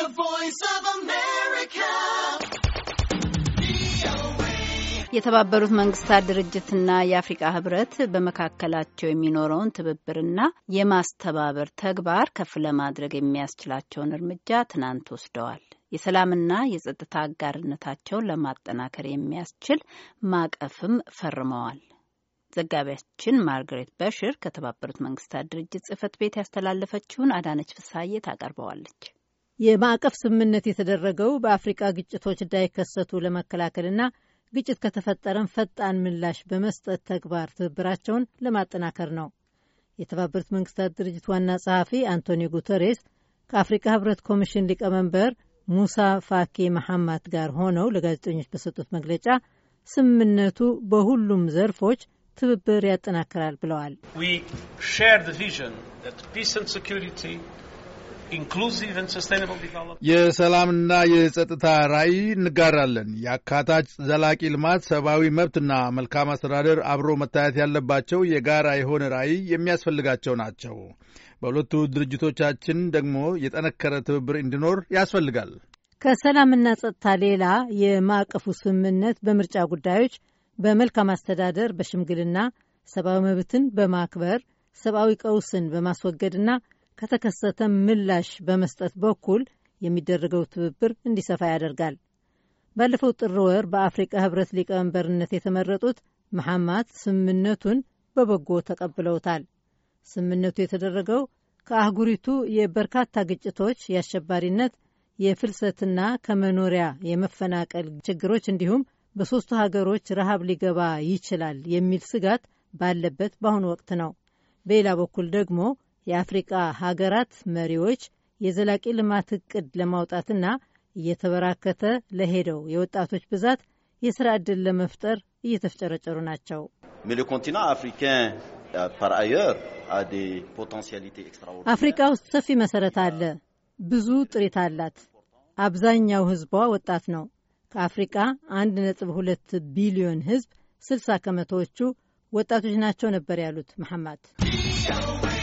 The Voice of America. የተባበሩት መንግስታት ድርጅትና የአፍሪቃ ህብረት በመካከላቸው የሚኖረውን ትብብርና የማስተባበር ተግባር ከፍ ለማድረግ የሚያስችላቸውን እርምጃ ትናንት ወስደዋል። የሰላምና የጸጥታ አጋርነታቸውን ለማጠናከር የሚያስችል ማዕቀፍም ፈርመዋል። ዘጋቢያችን ማርገሬት በሽር ከተባበሩት መንግስታት ድርጅት ጽህፈት ቤት ያስተላለፈችውን አዳነች ፍሳዬ ታቀርበዋለች። የማዕቀፍ ስምምነት የተደረገው በአፍሪቃ ግጭቶች እንዳይከሰቱ ለመከላከልና ግጭት ከተፈጠረም ፈጣን ምላሽ በመስጠት ተግባር ትብብራቸውን ለማጠናከር ነው። የተባበሩት መንግስታት ድርጅት ዋና ጸሐፊ አንቶኒዮ ጉተሬስ ከአፍሪካ ህብረት ኮሚሽን ሊቀመንበር ሙሳ ፋኬ መሐማት ጋር ሆነው ለጋዜጠኞች በሰጡት መግለጫ ስምምነቱ በሁሉም ዘርፎች ትብብር ያጠናክራል ብለዋል። የሰላምና የጸጥታ ራዕይ እንጋራለን። የአካታች ዘላቂ ልማት፣ ሰብአዊ መብትና መልካም አስተዳደር አብሮ መታየት ያለባቸው የጋራ የሆነ ራዕይ የሚያስፈልጋቸው ናቸው። በሁለቱ ድርጅቶቻችን ደግሞ የጠነከረ ትብብር እንዲኖር ያስፈልጋል። ከሰላምና ጸጥታ ሌላ የማዕቀፉ ስምምነት በምርጫ ጉዳዮች፣ በመልካም አስተዳደር፣ በሽምግልና ሰብአዊ መብትን በማክበር ሰብአዊ ቀውስን በማስወገድና ከተከሰተም ምላሽ በመስጠት በኩል የሚደረገው ትብብር እንዲሰፋ ያደርጋል። ባለፈው ጥር ወር በአፍሪቃ ህብረት ሊቀመንበርነት የተመረጡት መሐማት ስምምነቱን በበጎ ተቀብለውታል። ስምምነቱ የተደረገው ከአህጉሪቱ የበርካታ ግጭቶች፣ የአሸባሪነት፣ የፍልሰትና ከመኖሪያ የመፈናቀል ችግሮች እንዲሁም በሦስቱ ሀገሮች ረሃብ ሊገባ ይችላል የሚል ስጋት ባለበት በአሁኑ ወቅት ነው። በሌላ በኩል ደግሞ የአፍሪቃ ሀገራት መሪዎች የዘላቂ ልማት እቅድ ለማውጣትና እየተበራከተ ለሄደው የወጣቶች ብዛት የስራ ዕድል ለመፍጠር እየተፍጨረጨሩ ናቸው። euh, አፍሪቃ ውስጥ ሰፊ መሰረት አለ። ብዙ ጥሪት አላት። አብዛኛው ህዝቧ ወጣት ነው። ከአፍሪቃ 1.2 ቢሊዮን ህዝብ 60 ከመቶዎቹ ወጣቶች ናቸው ነበር ያሉት መሐማት።